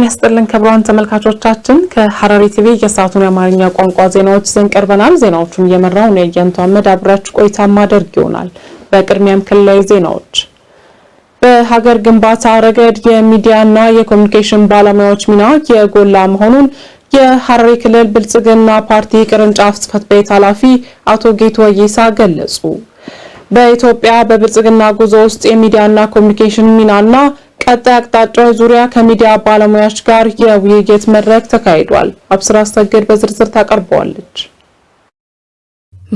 ጤና ይስጥልን ክቡራን ተመልካቾቻችን፣ ከሐረሪ ቲቪ የሰዓቱን የአማርኛ ቋንቋ ዜናዎች ይዘን ቀርበናል። ዜናዎቹን እየመራው ነው የየንቱ አመድ አብራችሁ ቆይታ ማደርግ ይሆናል። በቅድሚያም ክልላዊ ዜናዎች። በሀገር ግንባታ ረገድ የሚዲያና የኮሚኒኬሽን ባለሙያዎች ሚና የጎላ መሆኑን የሐረሪ ክልል ብልጽግና ፓርቲ ቅርንጫፍ ጽህፈት ቤት ኃላፊ አቶ ጌቶ ወይሳ ገለጹ። በኢትዮጵያ በብልጽግና ጉዞ ውስጥ የሚዲያና ኮሚኒኬሽን ሚናና ቀጣይ አቅጣጫዎች ዙሪያ ከሚዲያ ባለሙያዎች ጋር የውይይት መድረክ ተካሂዷል። አብስራ አስተግድ በዝርዝር ታቀርበዋለች።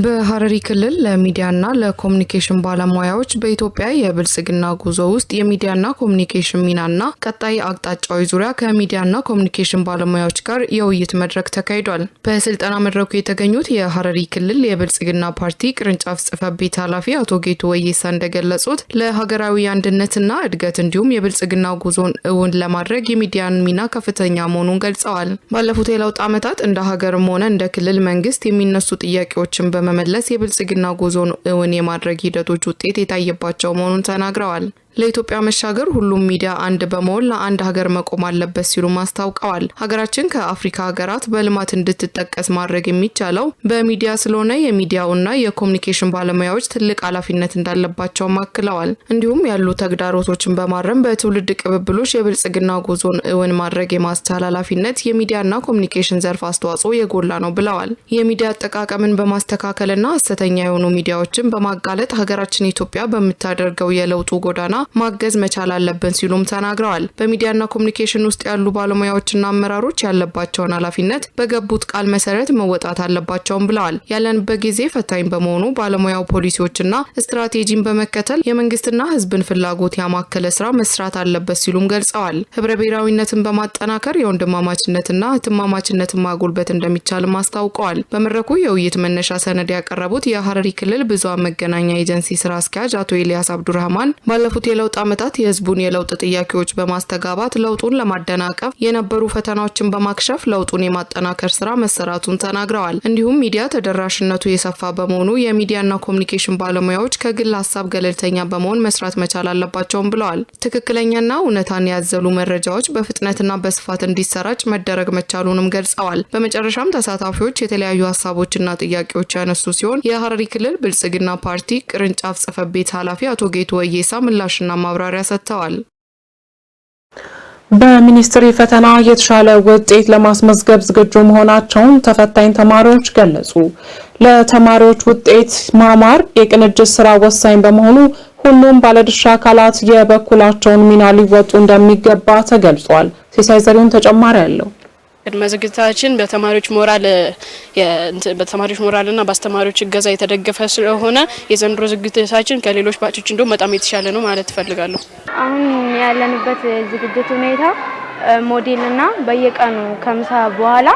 በሐረሪ ክልል ለሚዲያና ለኮሚኒኬሽን ባለሙያዎች በኢትዮጵያ የብልጽግና ጉዞ ውስጥ የሚዲያና ኮሚኒኬሽን ሚናና ቀጣይ አቅጣጫዎች ዙሪያ ከሚዲያና ኮሚኒኬሽን ባለሙያዎች ጋር የውይይት መድረክ ተካሂዷል። በስልጠና መድረኩ የተገኙት የሐረሪ ክልል የብልጽግና ፓርቲ ቅርንጫፍ ጽህፈት ቤት ኃላፊ አቶ ጌቱ ወይሳ እንደገለጹት ለሀገራዊ አንድነትና እድገት እንዲሁም የብልጽግና ጉዞን እውን ለማድረግ የሚዲያን ሚና ከፍተኛ መሆኑን ገልጸዋል። ባለፉት የለውጥ ዓመታት እንደ ሀገርም ሆነ እንደ ክልል መንግስት የሚነሱ ጥያቄዎችን በ በመመለስ የብልጽግና ጉዞን እውን የማድረግ ሂደቶች ውጤት የታየባቸው መሆኑን ተናግረዋል። ለኢትዮጵያ መሻገር ሁሉም ሚዲያ አንድ በመሆን ለአንድ ሀገር መቆም አለበት ሲሉም አስታውቀዋል። ሀገራችን ከአፍሪካ ሀገራት በልማት እንድትጠቀስ ማድረግ የሚቻለው በሚዲያ ስለሆነ የሚዲያውና የኮሚኒኬሽን ባለሙያዎች ትልቅ ኃላፊነት እንዳለባቸውም አክለዋል። እንዲሁም ያሉ ተግዳሮቶችን በማረም በትውልድ ቅብብሎች የብልጽግና ጉዞን እውን ማድረግ የማስቻል ኃላፊነት የሚዲያና ኮሚኒኬሽን ዘርፍ አስተዋጽኦ የጎላ ነው ብለዋል። የሚዲያ አጠቃቀምን በማስተካከልና ሐሰተኛ የሆኑ ሚዲያዎችን በማጋለጥ ሀገራችን ኢትዮጵያ በምታደርገው የለውጡ ጎዳና ማገዝ መቻል አለብን ሲሉም ተናግረዋል። በሚዲያና ኮሚኒኬሽን ውስጥ ያሉ ባለሙያዎችና አመራሮች ያለባቸውን ኃላፊነት በገቡት ቃል መሰረት መወጣት አለባቸውም ብለዋል። ያለንበት ጊዜ ፈታኝ በመሆኑ ባለሙያው ፖሊሲዎችና ስትራቴጂን በመከተል የመንግስትና ህዝብን ፍላጎት ያማከለ ስራ መስራት አለበት ሲሉም ገልጸዋል። ህብረ ብሔራዊነትን በማጠናከር የወንድማማችነትና ህትማማችነትን ማጎልበት እንደሚቻልም አስታውቀዋል። በመድረኩ የውይይት መነሻ ሰነድ ያቀረቡት የሀረሪ ክልል ብዙሃን መገናኛ ኤጀንሲ ስራ አስኪያጅ አቶ ኤልያስ አብዱራህማን ባለፉት የለውጥ ዓመታት የህዝቡን የለውጥ ጥያቄዎች በማስተጋባት ለውጡን ለማደናቀፍ የነበሩ ፈተናዎችን በማክሸፍ ለውጡን የማጠናከር ስራ መሰራቱን ተናግረዋል። እንዲሁም ሚዲያ ተደራሽነቱ የሰፋ በመሆኑ የሚዲያና ኮሚኒኬሽን ባለሙያዎች ከግል ሀሳብ ገለልተኛ በመሆን መስራት መቻል አለባቸውም ብለዋል። ትክክለኛና እውነታን ያዘሉ መረጃዎች በፍጥነትና በስፋት እንዲሰራጭ መደረግ መቻሉንም ገልጸዋል። በመጨረሻም ተሳታፊዎች የተለያዩ ሀሳቦችና ጥያቄዎች ያነሱ ሲሆን የሀረሪ ክልል ብልጽግና ፓርቲ ቅርንጫፍ ጽህፈት ቤት ኃላፊ አቶ ጌቱ ወየሳ ምላሽ ምላሽና ማብራሪያ ሰጥተዋል። በሚኒስትሪ ፈተና የተሻለ ውጤት ለማስመዝገብ ዝግጁ መሆናቸውን ተፈታኝ ተማሪዎች ገለጹ። ለተማሪዎች ውጤት ማማር የቅንጅት ስራ ወሳኝ በመሆኑ ሁሉም ባለድርሻ አካላት የበኩላቸውን ሚና ሊወጡ እንደሚገባ ተገልጿል። ሲሳይ ዘሪሁን ተጨማሪ አለው። ቅድመ ዝግጅታችን በተማሪዎች ሞራል በተማሪዎች ሞራልና በአስተማሪዎች እገዛ የተደገፈ ስለሆነ የዘንድሮ ዝግጅታችን ከሌሎች ባቾች እንደውም በጣም የተሻለ ነው ማለት እፈልጋለሁ። አሁን ያለንበት ዝግጅት ሁኔታ ሞዴልና በየቀኑ ከምሳ በኋላ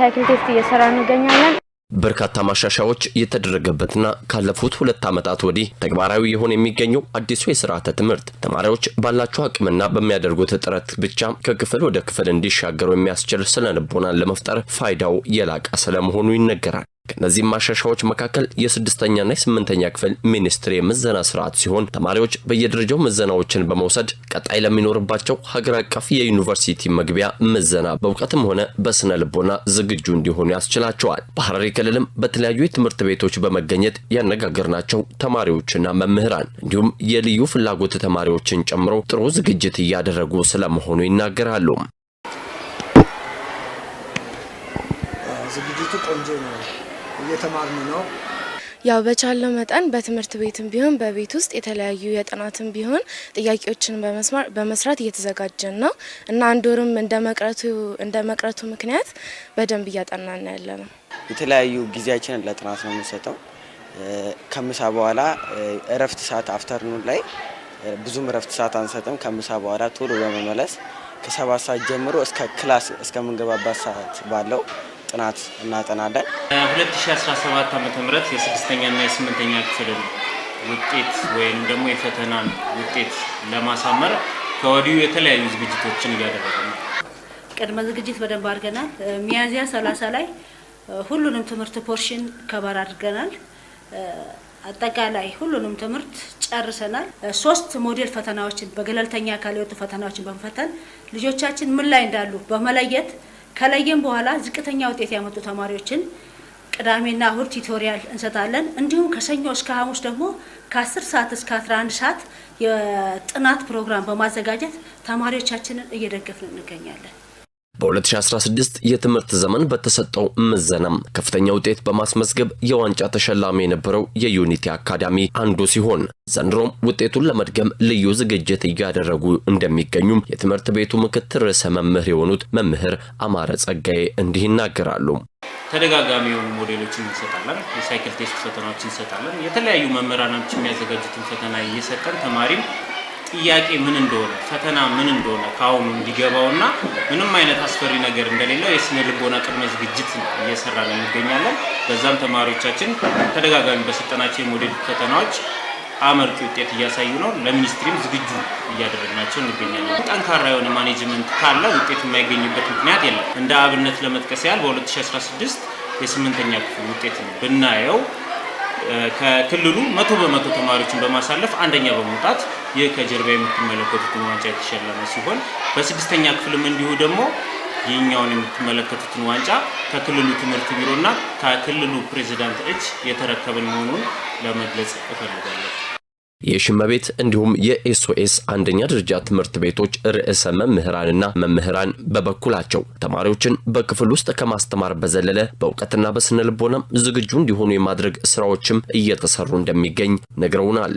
ሳይክል ቴስት እየሰራ እንገኛለን። በርካታ ማሻሻያዎች የተደረገበትና ካለፉት ሁለት ዓመታት ወዲህ ተግባራዊ የሆነ የሚገኘው አዲሱ የስርዓተ ትምህርት ተማሪዎች ባላቸው አቅምና በሚያደርጉት ጥረት ብቻ ከክፍል ወደ ክፍል እንዲሻገሩ የሚያስችል ስነ ልቦናን ለመፍጠር ፋይዳው የላቀ ስለመሆኑ ይነገራል። ከእነዚህም ማሻሻዎች መካከል የስድስተኛና የስምንተኛ ክፍል ሚኒስትር የምዘና ስርዓት ሲሆን ተማሪዎች በየደረጃው ምዘናዎችን በመውሰድ ቀጣይ ለሚኖርባቸው ሀገር አቀፍ የዩኒቨርሲቲ መግቢያ ምዘና በእውቀትም ሆነ በስነ ልቦና ዝግጁ እንዲሆኑ ያስችላቸዋል። በሐረሪ ክልልም በተለያዩ የትምህርት ቤቶች በመገኘት ያነጋገርናቸው ተማሪዎችና መምህራን እንዲሁም የልዩ ፍላጎት ተማሪዎችን ጨምሮ ጥሩ ዝግጅት እያደረጉ ስለመሆኑ ይናገራሉ። ዝግጅቱ ቆንጆ ነው። እየተማርን ነው። ያው በቻለው መጠን በትምህርት ቤትም ቢሆን በቤት ውስጥ የተለያዩ የጥናትም ቢሆን ጥያቄዎችን በመስራት እየተዘጋጀን ነው እና አንድ ወርም እንደ መቅረቱ ምክንያት በደንብ እያጠናን ያለ ነው። የተለያዩ ጊዜያችንን ለጥናት ነው የምንሰጠው። ከምሳ በኋላ እረፍት ሰዓት አፍተርኑን ላይ ብዙም እረፍት ሰዓት አንሰጥም። ከምሳ በኋላ ቶሎ በመመለስ ከሰባት ሰዓት ጀምሮ እስከ ክላስ እስከምንገባባት ሰዓት ባለው ጥናት እናጠናለን። 2017 ዓ ም የስድስተኛና የስምንተኛ ክፍልን ውጤት ወይም ደግሞ የፈተናን ውጤት ለማሳመር ከወዲሁ የተለያዩ ዝግጅቶችን እያደረገ ነው። ቅድመ ዝግጅት በደንብ አድርገናል። ሚያዝያ 30 ላይ ሁሉንም ትምህርት ፖርሽን ከበር አድርገናል። አጠቃላይ ሁሉንም ትምህርት ጨርሰናል። ሶስት ሞዴል ፈተናዎችን በገለልተኛ አካል የወጡ ፈተናዎችን በመፈተን ልጆቻችን ምን ላይ እንዳሉ በመለየት ከለየም በኋላ ዝቅተኛ ውጤት ያመጡ ተማሪዎችን ቅዳሜና እሁድ ቲቶሪያል እንሰጣለን። እንዲሁም ከሰኞ እስከ ሐሙስ ደግሞ ከ10 ሰዓት እስከ 11 ሰዓት የጥናት ፕሮግራም በማዘጋጀት ተማሪዎቻችንን እየደገፍን እንገኛለን። በ2016 የትምህርት ዘመን በተሰጠው ምዘናም ከፍተኛ ውጤት በማስመዝገብ የዋንጫ ተሸላሚ የነበረው የዩኒቲ አካዳሚ አንዱ ሲሆን ዘንድሮም ውጤቱን ለመድገም ልዩ ዝግጅት እያደረጉ እንደሚገኙም የትምህርት ቤቱ ምክትል ርዕሰ መምህር የሆኑት መምህር አማረ ጸጋዬ እንዲህ ይናገራሉ። ተደጋጋሚ የሆኑ ሞዴሎችን እንሰጣለን። የሳይክል ቴስት ፈተናዎችን እንሰጣለን። የተለያዩ መምህራኖች የሚያዘጋጁትን ፈተና እየሰጠን ተማሪም ጥያቄ ምን እንደሆነ ፈተና ምን እንደሆነ ከአሁኑ እንዲገባውና ምንም አይነት አስፈሪ ነገር እንደሌለው የስነ ልቦና ቅድመ ዝግጅት እየሰራ ነው እንገኛለን። በዛም ተማሪዎቻችን ተደጋጋሚ በስልጠናቸው የሞዴል ፈተናዎች አመርቂ ውጤት እያሳዩ ነው። ለሚኒስትሪም ዝግጁ እያደረግናቸው እንገኛለን። ጠንካራ የሆነ ማኔጅመንት ካለ ውጤት የማይገኝበት ምክንያት የለም። እንደ አብነት ለመጥቀስ ያህል በ2016 የስምንተኛ ክፍል ውጤት ብናየው ከክልሉ መቶ በመቶ ተማሪዎችን በማሳለፍ አንደኛ በመውጣት ይህ ከጀርባ የምትመለከቱትን ዋንጫ የተሸለመ ሲሆን በስድስተኛ ክፍልም እንዲሁ ደግሞ ይህኛውን የምትመለከቱትን ዋንጫ ከክልሉ ትምህርት ቢሮና ከክልሉ ፕሬዚዳንት እጅ የተረከብን መሆኑን ለመግለጽ እፈልጋለሁ። የሽመቤት እንዲሁም የኤስኦኤስ አንደኛ ደረጃ ትምህርት ቤቶች ርዕሰ መምህራንና መምህራን በበኩላቸው ተማሪዎችን በክፍል ውስጥ ከማስተማር በዘለለ በእውቀትና በስነ ልቦናም ዝግጁ እንዲሆኑ የማድረግ ስራዎችም እየተሰሩ እንደሚገኝ ነግረውናል።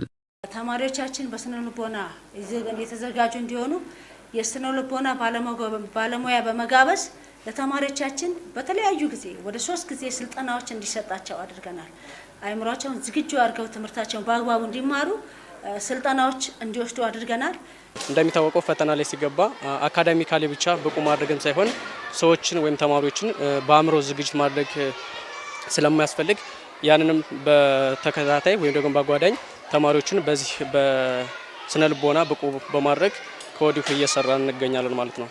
ተማሪዎቻችን በስነ ልቦና የተዘጋጁ እንዲሆኑ የስነ ልቦና ባለሙያ በመጋበዝ ለተማሪዎቻችን በተለያዩ ጊዜ ወደ ሶስት ጊዜ ስልጠናዎች እንዲሰጣቸው አድርገናል። አይምሯቸውን ዝግጁ አድርገው ትምህርታቸውን በአግባቡ እንዲማሩ ስልጠናዎች እንዲወስዱ አድርገናል። እንደሚታወቀው ፈተና ላይ ሲገባ አካዳሚካሊ ብቻ ብቁ ማድረግም ሳይሆን ሰዎችን ወይም ተማሪዎችን በአእምሮ ዝግጅት ማድረግ ስለማያስፈልግ ያንንም በተከታታይ ወይም ደግሞ በአጓዳኝ ተማሪዎችን በዚህ በስነ ልቦና ብቁ በማድረግ ከወዲሁ እየሰራ እንገኛለን ማለት ነው።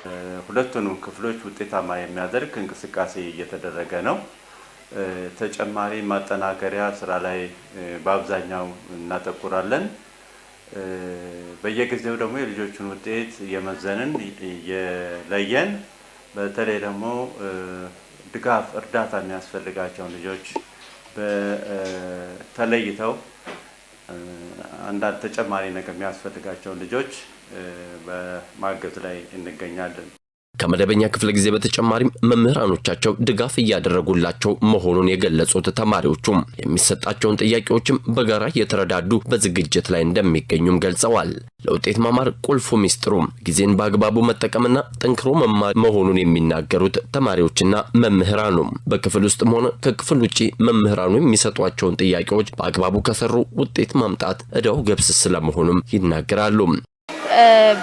ሁለቱን ክፍሎች ውጤታማ የሚያደርግ እንቅስቃሴ እየተደረገ ነው። ተጨማሪ ማጠናከሪያ ስራ ላይ በአብዛኛው እናተኩራለን። በየጊዜው ደግሞ የልጆችን ውጤት እየመዘንን እየለየን በተለይ ደግሞ ድጋፍ እርዳታ የሚያስፈልጋቸውን ልጆች ተለይተው አንዳንድ ተጨማሪ ነገር የሚያስፈልጋቸውን ልጆች በማገዝ ላይ እንገኛለን። ከመደበኛ ክፍለ ጊዜ በተጨማሪም መምህራኖቻቸው ድጋፍ እያደረጉላቸው መሆኑን የገለጹት ተማሪዎቹም የሚሰጣቸውን ጥያቄዎችም በጋራ እየተረዳዱ በዝግጅት ላይ እንደሚገኙም ገልጸዋል። ለውጤት ማማር ቁልፉ ሚስጥሩ ጊዜን በአግባቡ መጠቀምና ጠንክሮ መማር መሆኑን የሚናገሩት ተማሪዎችና መምህራኑ በክፍል ውስጥም ሆነ ከክፍል ውጭ መምህራኑ የሚሰጧቸውን ጥያቄዎች በአግባቡ ከሰሩ ውጤት ማምጣት እዳው ገብስ ስለመሆኑም ይናገራሉ።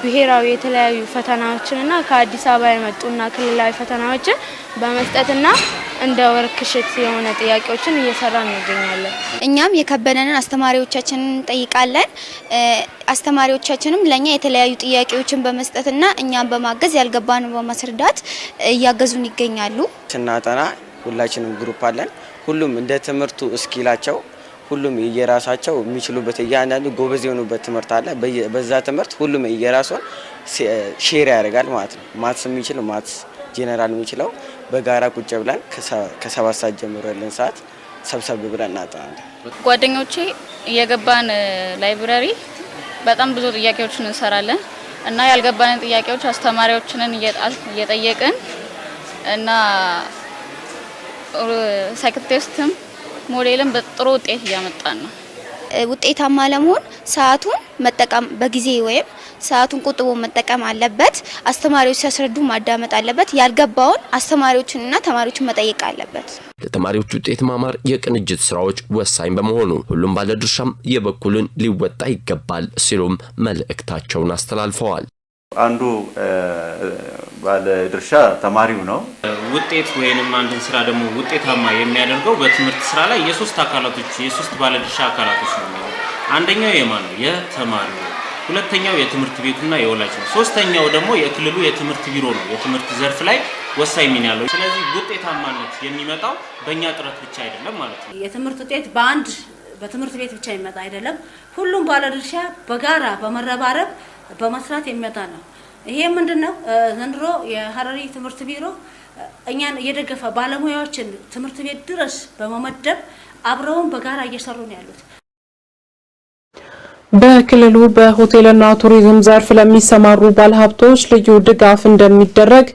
ብሔራዊ የተለያዩ ፈተናዎችንና ከአዲስ አበባ የመጡና ክልላዊ ፈተናዎችን በመስጠትና እንደ ወርክሽት የሆነ ጥያቄዎችን እየሰራ እንገኛለን። እኛም የከበደንን አስተማሪዎቻችንን እንጠይቃለን። አስተማሪዎቻችንም ለእኛ የተለያዩ ጥያቄዎችን በመስጠትና እኛም በማገዝ ያልገባን በማስረዳት እያገዙን ይገኛሉ። ስናጠና ሁላችንም ግሩፕ አለን። ሁሉም እንደ ትምህርቱ እስኪላቸው ሁሉም እየራሳቸው የሚችሉበት እያንዳንዱ ጎበዝ የሆኑበት ትምህርት አለ። በዛ ትምህርት ሁሉም የራሱን ሼር ያደርጋል ማለት ነው። ማትስ የሚችል ማትስ፣ ጄኔራል የሚችለው በጋራ ቁጭ ብለን ከሰባት ሰዓት ጀምሮ ያለን ሰዓት ሰብሰብ ብለን እናጠናለን። ጓደኞቼ የገባን ላይብረሪ በጣም ብዙ ጥያቄዎችን እንሰራለን እና ያልገባንን ጥያቄዎች አስተማሪዎችንን እየጠየቅን እና ሳይክል ቴስትም ሞዴልም በጥሩ ውጤት እያመጣን ነው። ውጤታማ ለመሆን ሰዓቱን መጠቀም በጊዜ ወይም ሰዓቱን ቁጥቦ መጠቀም አለበት። አስተማሪዎች ሲያስረዱ ማዳመጥ አለበት። ያልገባውን አስተማሪዎችንና ተማሪዎችን መጠየቅ አለበት። ለተማሪዎች ውጤት ማማር የቅንጅት ስራዎች ወሳኝ በመሆኑ ሁሉም ባለድርሻም የበኩልን ሊወጣ ይገባል ሲሉም መልእክታቸውን አስተላልፈዋል። አንዱ ባለ ድርሻ ተማሪው ነው። ውጤት ወይንም አንድን ስራ ደግሞ ውጤታማ የሚያደርገው በትምህርት ስራ ላይ የሶስት አካላቶች የሶስት ባለድርሻ አካላቶች ነው። አንደኛው የማን ነው? የተማሪው ሁለተኛው የትምህርት ቤቱና የወላጅ ነው። ሶስተኛው ደግሞ የክልሉ የትምህርት ቢሮ ነው። የትምህርት ዘርፍ ላይ ወሳኝ ሚና ያለው። ስለዚህ ውጤታማነት የሚመጣው በእኛ ጥረት ብቻ አይደለም ማለት ነው። የትምህርት ውጤት በአንድ በትምህርት ቤት ብቻ የሚመጣ አይደለም። ሁሉም ባለድርሻ በጋራ በመረባረብ በመስራት የሚመጣ ነው። ይሄ ምንድን ነው? ዘንድሮ የሀረሪ ትምህርት ቢሮ እኛን እየደገፈ ባለሙያዎችን ትምህርት ቤት ድረስ በመመደብ አብረውን በጋራ እየሰሩ ነው ያሉት። በክልሉ በሆቴልና ቱሪዝም ዘርፍ ለሚሰማሩ ባለሀብቶች ልዩ ድጋፍ እንደሚደረግ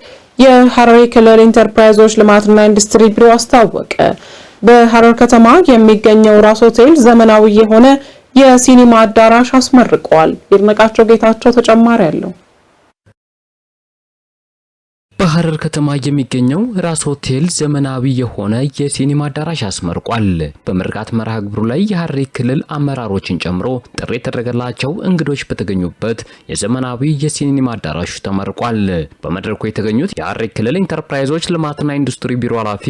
የሀረሪ ክልል ኢንተርፕራይዞች ልማትና ኢንዱስትሪ ቢሮ አስታወቀ። በሀረር ከተማ የሚገኘው ራስ ሆቴል ዘመናዊ የሆነ የሲኒማ አዳራሽ አስመርቋል። ይድነቃቸው ጌታቸው ተጨማሪ አለው። በሐረር ከተማ የሚገኘው ራስ ሆቴል ዘመናዊ የሆነ የሲኒማ አዳራሽ አስመርቋል። በምርቃት መርሃ ግብሩ ላይ የሐረሪ ክልል አመራሮችን ጨምሮ ጥሪ የተደረገላቸው እንግዶች በተገኙበት የዘመናዊ የሲኒማ አዳራሹ ተመርቋል። በመድረኩ የተገኙት የሐረሪ ክልል ኢንተርፕራይዞች ልማትና ኢንዱስትሪ ቢሮ ኃላፊ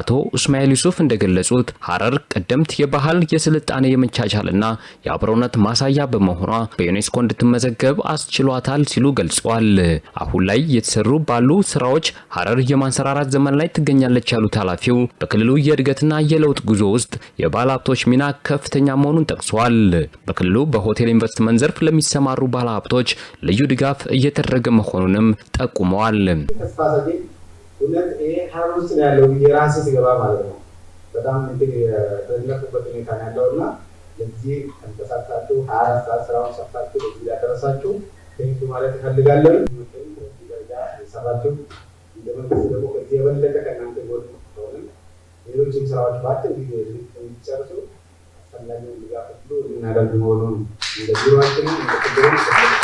አቶ እስማኤል ዩሱፍ እንደገለጹት ሐረር ቀደምት የባህል የስልጣኔ የመቻቻልና የአብሮነት ማሳያ በመሆኗ በዩኔስኮ እንድትመዘገብ አስችሏታል ሲሉ ገልጸዋል። አሁን ላይ የተሰሩ ባሉ ስራዎች ሀረር የማንሰራራት ዘመን ላይ ትገኛለች ያሉት ኃላፊው በክልሉ የእድገትና የለውጥ ጉዞ ውስጥ የባለሀብቶች ሚና ከፍተኛ መሆኑን ጠቅሰዋል። በክልሉ በሆቴል ኢንቨስትመንት ዘርፍ ለሚሰማሩ ባለሀብቶች ልዩ ድጋፍ እየተደረገ መሆኑንም ጠቁመዋል። ለዚህ ተንቀሳቅሳችሁ ሀያ አራት ሰዓት ስራውን ሰርታችሁ ለዚህ ያደረሳችሁ ቴንኪ ማለት እፈልጋለሁ። ከሰራችሁ እንደ መንግስት ደግሞ ከዚህ የበለጠ ከእናንተ ጎል ከሆነ ሌሎችም ስራዎች በአጭር ጊዜ እንዲጨርሱ አስፈላጊውን ድጋፍ ሁሉ የምናደርግ መሆኑን እንደ ቢሮችንም እንደ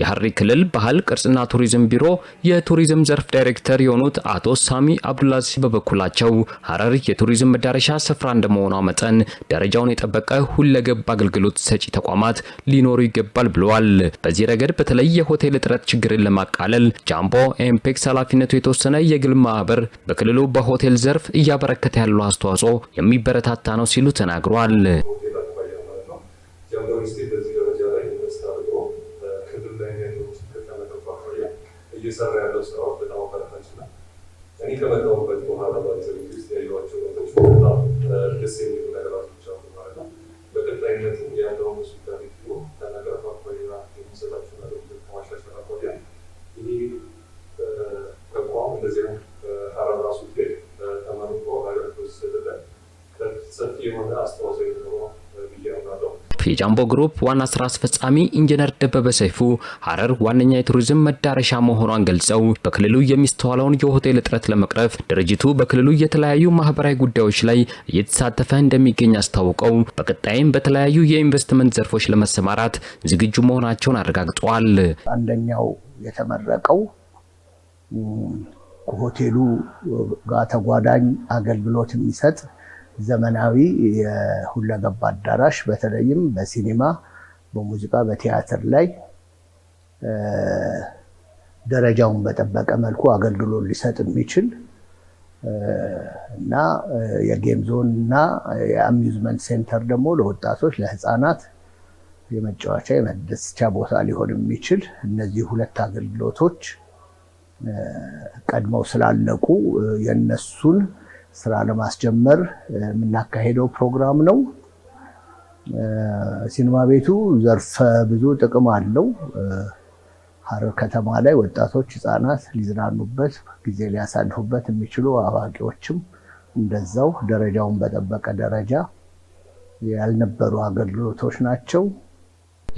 የሐረሪ ክልል ባህል ቅርጽና ቱሪዝም ቢሮ የቱሪዝም ዘርፍ ዳይሬክተር የሆኑት አቶ ሳሚ አብዱላዚ በበኩላቸው ሐረሪ የቱሪዝም መዳረሻ ስፍራ እንደመሆኗ መጠን ደረጃውን የጠበቀ ሁለገብ አገልግሎት ሰጪ ተቋማት ሊኖሩ ይገባል ብለዋል። በዚህ ረገድ በተለይ የሆቴል እጥረት ችግርን ለማቃለል ጃምቦ ኤምፔክስ ኃላፊነቱ የተወሰነ የግል ማህበር በክልሉ በሆቴል ዘርፍ እያበረከተ ያለው አስተዋጽኦ የሚበረታታ ነው ሲሉ ተናግሯል። እየሰራ ያለው ስራዎች በጣም አበረታች እና እኔ ከመጣሁበት በኋላ ባዘ ውስጥ ያየኋቸው በጣም ደስ የሚሉ ነገራት የጃምቦ ግሩፕ ዋና ስራ አስፈጻሚ ኢንጂነር ደበበ ሰይፉ ሀረር ዋነኛ የቱሪዝም መዳረሻ መሆኗን ገልጸው በክልሉ የሚስተዋለውን የሆቴል እጥረት ለመቅረፍ ድርጅቱ በክልሉ የተለያዩ ማህበራዊ ጉዳዮች ላይ እየተሳተፈ እንደሚገኝ አስታውቀው በቀጣይም በተለያዩ የኢንቨስትመንት ዘርፎች ለመሰማራት ዝግጁ መሆናቸውን አረጋግጠዋል። አንደኛው የተመረቀው ከሆቴሉ ጋር ተጓዳኝ አገልግሎት የሚሰጥ ዘመናዊ የሁለገባ አዳራሽ በተለይም በሲኒማ፣ በሙዚቃ፣ በቲያትር ላይ ደረጃውን በጠበቀ መልኩ አገልግሎት ሊሰጥ የሚችል እና የጌም ዞን እና የአሚዩዝመንት ሴንተር ደግሞ ለወጣቶች ለህፃናት የመጫወቻ የመደስቻ ቦታ ሊሆን የሚችል እነዚህ ሁለት አገልግሎቶች ቀድመው ስላለቁ የነሱን ስራ ለማስጀመር የምናካሄደው ፕሮግራም ነው። ሲኒማ ቤቱ ዘርፈ ብዙ ጥቅም አለው። ሀረር ከተማ ላይ ወጣቶች፣ ህፃናት ሊዝናኑበት ጊዜ ሊያሳልፉበት የሚችሉ አዋቂዎችም እንደዛው ደረጃውን በጠበቀ ደረጃ ያልነበሩ አገልግሎቶች ናቸው።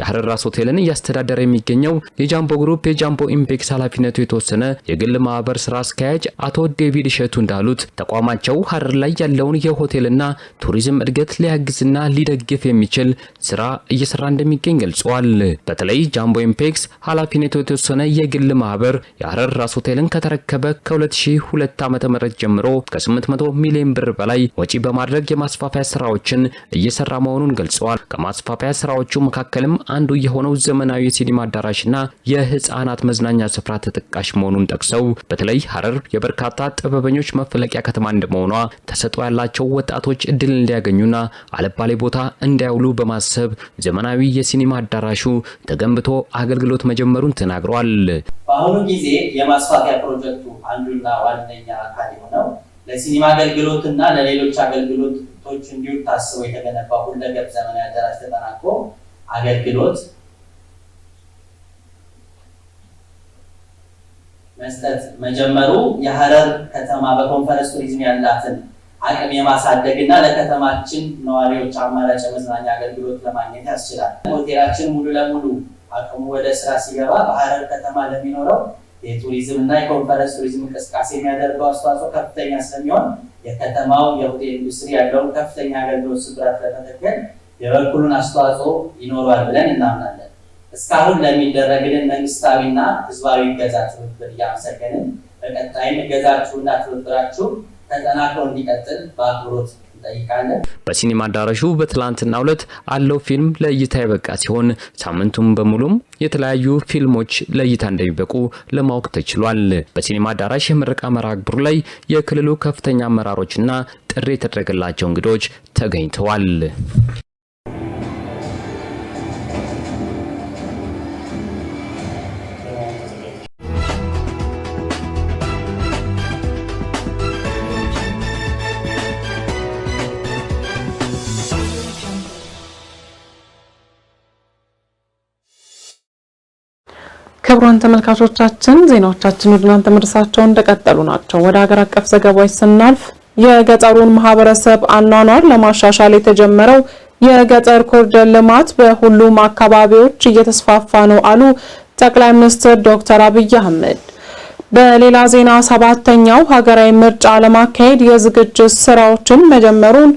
የሐረር ሆቴልን እያስተዳደረ የሚገኘው የጃምቦ ግሩፕ የጃምቦ ኢምፔክስ ኃላፊነቱ የተወሰነ የግል ማህበር ስራ አስኪያጅ አቶ ዴቪድ እሸቱ እንዳሉት ተቋማቸው ሐረር ላይ ያለውን የሆቴልና ቱሪዝም እድገት ሊያግዝና ሊደግፍ የሚችል ስራ እየሰራ እንደሚገኝ ገልጿል። በተለይ ጃምቦ ኢምፔክስ ኃላፊነቱ የተወሰነ የግል ማህበር የሐረር ሆቴልን ከተረከበ ከ2002 ዓ.ም ጀምሮ ከ800 ሚሊዮን ብር በላይ ወጪ በማድረግ የማስፋፊያ ስራዎችን እየሰራ መሆኑን ገልጸዋል። ከማስፋፊያ ስራዎቹ መካከልም አንዱ የሆነው ዘመናዊ የሲኒማ አዳራሽና የህፃናት መዝናኛ ስፍራ ተጠቃሽ መሆኑን ጠቅሰው በተለይ ሀረር የበርካታ ጥበበኞች መፈለቂያ ከተማ እንደመሆኗ ተሰጥኦ ያላቸው ወጣቶች እድል እንዲያገኙና አለባሌ ቦታ እንዳያውሉ በማሰብ ዘመናዊ የሲኒማ አዳራሹ ተገንብቶ አገልግሎት መጀመሩን ተናግረዋል። በአሁኑ ጊዜ የማስፋፊያ ፕሮጀክቱ አንዱና ዋነኛ አካል የሆነው ለሲኒማ አገልግሎትና ለሌሎች አገልግሎቶች እንዲሁ ታስቦ የተገነባ ሁለገብ ዘመናዊ አዳራሽ ተጠናቆ አገልግሎት መስጠት መጀመሩ የሀረር ከተማ በኮንፈረንስ ቱሪዝም ያላትን አቅም የማሳደግ እና ለከተማችን ነዋሪዎች አማራጭ የመዝናኛ አገልግሎት ለማግኘት ያስችላል። ሆቴላችን ሙሉ ለሙሉ አቅሙ ወደ ስራ ሲገባ በሀረር ከተማ ለሚኖረው የቱሪዝም እና የኮንፈረንስ ቱሪዝም እንቅስቃሴ የሚያደርገው አስተዋጽኦ ከፍተኛ ስለሚሆን የከተማው የሆቴል ኢንዱስትሪ ያለውን ከፍተኛ አገልግሎት ስብራት ለመተገል የበኩሉን አስተዋጽኦ ይኖረዋል ብለን እናምናለን። እስካሁን ለሚደረግልን መንግስታዊና ህዝባዊ እገዛ ትብብር እያመሰገንን በቀጣይም እገዛችሁና ትብብራችሁ ተጠናክሮ እንዲቀጥል በአክብሮት እንጠይቃለን። በሲኒማ አዳራሹ በትላንትናው ዕለት አለው ፊልም ለእይታ የበቃ ሲሆን ሳምንቱም በሙሉም የተለያዩ ፊልሞች ለእይታ እንደሚበቁ ለማወቅ ተችሏል። በሲኒማ አዳራሽ የምረቃ መርሃ ግብሩ ላይ የክልሉ ከፍተኛ አመራሮችና ጥሪ የተደረገላቸው እንግዶች ተገኝተዋል። ክቡራን ተመልካቾቻችን ዜናዎቻችን ወደ እናንተ መድረሳቸው እንደቀጠሉ ናቸው። ወደ ሀገር አቀፍ ዘገባዎች ስናልፍ የገጠሩን ማህበረሰብ አኗኗር ለማሻሻል የተጀመረው የገጠር ኮሪደር ልማት በሁሉም አካባቢዎች እየተስፋፋ ነው አሉ ጠቅላይ ሚኒስትር ዶክተር አብይ አህመድ። በሌላ ዜና ሰባተኛው ሀገራዊ ምርጫ ለማካሄድ የዝግጅት ስራዎችን መጀመሩን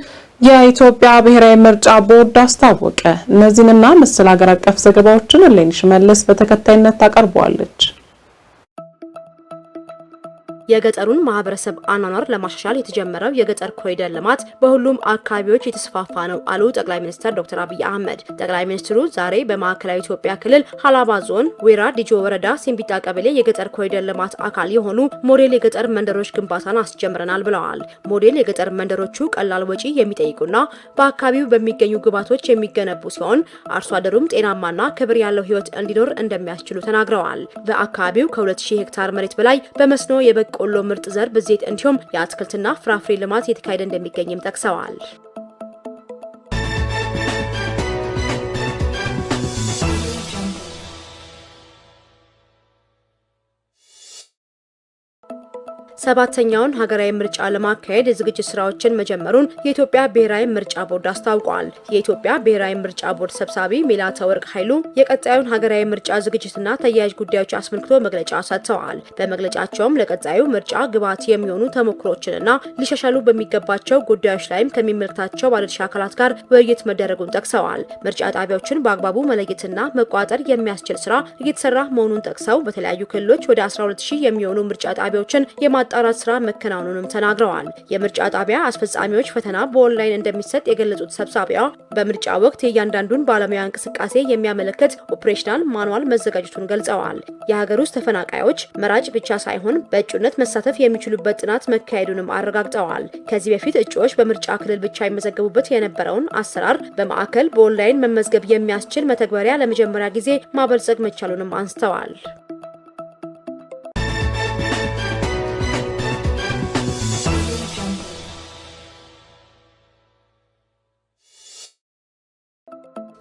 የኢትዮጵያ ብሔራዊ ምርጫ ቦርድ አስታወቀ። እነዚህንና መሰል ሀገር አቀፍ ዘገባዎችን እሌኒ መለስ በተከታይነት ታቀርበዋለች። የገጠሩን ማህበረሰብ አኗኗር ለማሻሻል የተጀመረው የገጠር ኮሪደር ልማት በሁሉም አካባቢዎች የተስፋፋ ነው አሉ ጠቅላይ ሚኒስትር ዶክተር አብይ አህመድ። ጠቅላይ ሚኒስትሩ ዛሬ በማዕከላዊ ኢትዮጵያ ክልል ሀላባ ዞን ዌራ ዲጆ ወረዳ ሲንቢጣ ቀበሌ የገጠር ኮሪደር ልማት አካል የሆኑ ሞዴል የገጠር መንደሮች ግንባታን አስጀምረናል ብለዋል። ሞዴል የገጠር መንደሮቹ ቀላል ወጪ የሚጠይቁና በአካባቢው በሚገኙ ግብዓቶች የሚገነቡ ሲሆን አርሶ አደሩም ጤናማና ክብር ያለው ህይወት እንዲኖር እንደሚያስችሉ ተናግረዋል። በአካባቢው ከ2000 ሄክታር መሬት በላይ በመስኖ የበ የበቆሎ ምርጥ ዘር ብዜት እንዲሁም የአትክልትና ፍራፍሬ ልማት የተካሄደ እንደሚገኝም ጠቅሰዋል። ሰባተኛውን ሀገራዊ ምርጫ ለማካሄድ የዝግጅት ስራዎችን መጀመሩን የኢትዮጵያ ብሔራዊ ምርጫ ቦርድ አስታውቋል። የኢትዮጵያ ብሔራዊ ምርጫ ቦርድ ሰብሳቢ ወርቅ ኃይሉ የቀጣዩን ሀገራዊ ምርጫ ዝግጅትና ተያያዥ ጉዳዮች አስመልክቶ መግለጫ ሰጥተዋል። በመግለጫቸውም ለቀጣዩ ምርጫ ግብዓት የሚሆኑ ተሞክሮችንና ሊሻሻሉ በሚገባቸው ጉዳዮች ላይም ከሚመለከታቸው ባለድርሻ አካላት ጋር ውይይት መደረጉን ጠቅሰዋል። ምርጫ ጣቢያዎችን በአግባቡ መለየትና መቋጠር የሚያስችል ስራ እየተሰራ መሆኑን ጠቅሰው በተለያዩ ክልሎች ወደ 120 የሚሆኑ ምርጫ ጣቢያዎችን የማ የማጣራት ስራ መከናወኑንም ተናግረዋል። የምርጫ ጣቢያ አስፈጻሚዎች ፈተና በኦንላይን እንደሚሰጥ የገለጹት ሰብሳቢያ በምርጫ ወቅት የእያንዳንዱን ባለሙያ እንቅስቃሴ የሚያመለክት ኦፕሬሽናል ማኗል መዘጋጀቱን ገልጸዋል። የሀገር ውስጥ ተፈናቃዮች መራጭ ብቻ ሳይሆን በእጩነት መሳተፍ የሚችሉበት ጥናት መካሄዱንም አረጋግጠዋል። ከዚህ በፊት እጩዎች በምርጫ ክልል ብቻ የመዘገቡበት የነበረውን አሰራር በማዕከል በኦንላይን መመዝገብ የሚያስችል መተግበሪያ ለመጀመሪያ ጊዜ ማበልጸግ መቻሉንም አንስተዋል።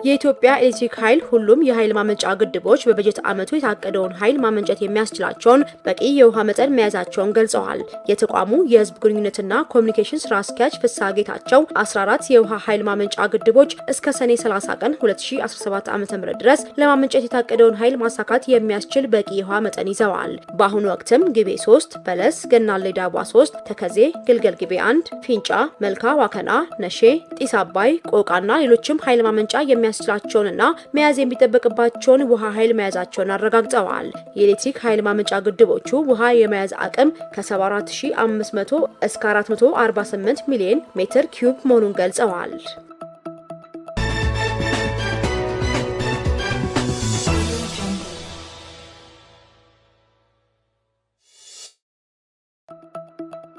የኢትዮጵያ ኤሌክትሪክ ኃይል ሁሉም የኃይል ማመንጫ ግድቦች በበጀት ዓመቱ የታቀደውን ኃይል ማመንጨት የሚያስችላቸውን በቂ የውሃ መጠን መያዛቸውን ገልጸዋል። የተቋሙ የሕዝብ ግንኙነትና ኮሚኒኬሽን ስራ አስኪያጅ ፍሳ ጌታቸው 14 የውሃ ኃይል ማመንጫ ግድቦች እስከ ሰኔ 30 ቀን 2017 ዓ.ም ድረስ ለማመንጨት የታቀደውን ኃይል ማሳካት የሚያስችል በቂ የውሃ መጠን ይዘዋል። በአሁኑ ወቅትም ግቤ 3፣ በለስ፣ ገናሌ ዳቧ 3፣ ተከዜ፣ ግልገል ግቤ 1፣ ፊንጫ፣ መልካ ዋከና፣ ነሼ፣ ጢስ አባይ፣ ቆቃና ሌሎችም ኃይል ማመንጫ የሚያ የሚያስችላቸውንና መያዝ የሚጠበቅባቸውን ውሃ ኃይል መያዛቸውን አረጋግጠዋል። የኤሌክትሪክ ኃይል ማመንጫ ግድቦቹ ውሃ የመያዝ አቅም ከ74500 እስከ 448 ሚሊዮን ሜትር ኪዩብ መሆኑን ገልጸዋል።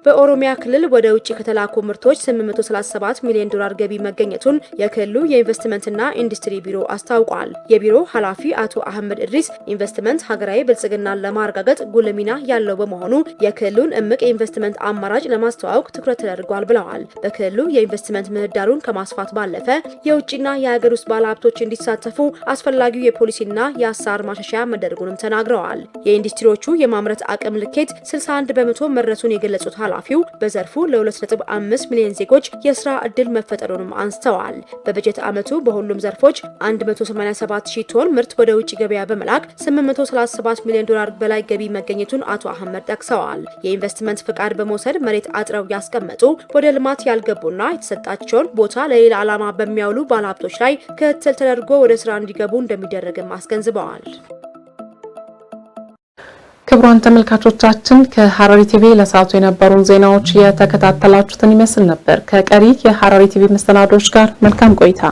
በኦሮሚያ ክልል ወደ ውጭ ከተላኩ ምርቶች 837 ሚሊዮን ዶላር ገቢ መገኘቱን የክልሉ የኢንቨስትመንትና ኢንዱስትሪ ቢሮ አስታውቋል። የቢሮ ኃላፊ አቶ አህመድ እድሪስ ኢንቨስትመንት ሀገራዊ ብልጽግናን ለማረጋገጥ ጉልህ ሚና ያለው በመሆኑ የክልሉን እምቅ የኢንቨስትመንት አማራጭ ለማስተዋወቅ ትኩረት ተደርጓል ብለዋል። በክልሉ የኢንቨስትመንት ምህዳሩን ከማስፋት ባለፈ የውጭና የሀገር ውስጥ ባለሀብቶች እንዲሳተፉ አስፈላጊው የፖሊሲና የአሰራር ማሻሻያ መደረጉንም ተናግረዋል። የኢንዱስትሪዎቹ የማምረት አቅም ልኬት 61 በመቶ መድረሱን የገለጹት ኃላፊው በዘርፉ ለ2.5 ሚሊዮን ዜጎች የስራ እድል መፈጠሩንም አንስተዋል። በበጀት ዓመቱ በሁሉም ዘርፎች 187 ሺህ ቶን ምርት ወደ ውጭ ገበያ በመላክ 837 ሚሊዮን ዶላር በላይ ገቢ መገኘቱን አቶ አህመድ ጠቅሰዋል። የኢንቨስትመንት ፍቃድ በመውሰድ መሬት አጥረው ያስቀመጡ ወደ ልማት ያልገቡና የተሰጣቸውን ቦታ ለሌላ ዓላማ በሚያውሉ ባለሀብቶች ላይ ክትትል ተደርጎ ወደ ስራ እንዲገቡ እንደሚደረግም አስገንዝበዋል። ክቡራን ተመልካቾቻችን ከሐረሪ ቲቪ ለሰዓቱ የነበሩን ዜናዎች የተከታተላችሁትን ይመስል ነበር። ከቀሪ የሐረሪ ቲቪ መሰናዶች ጋር መልካም ቆይታ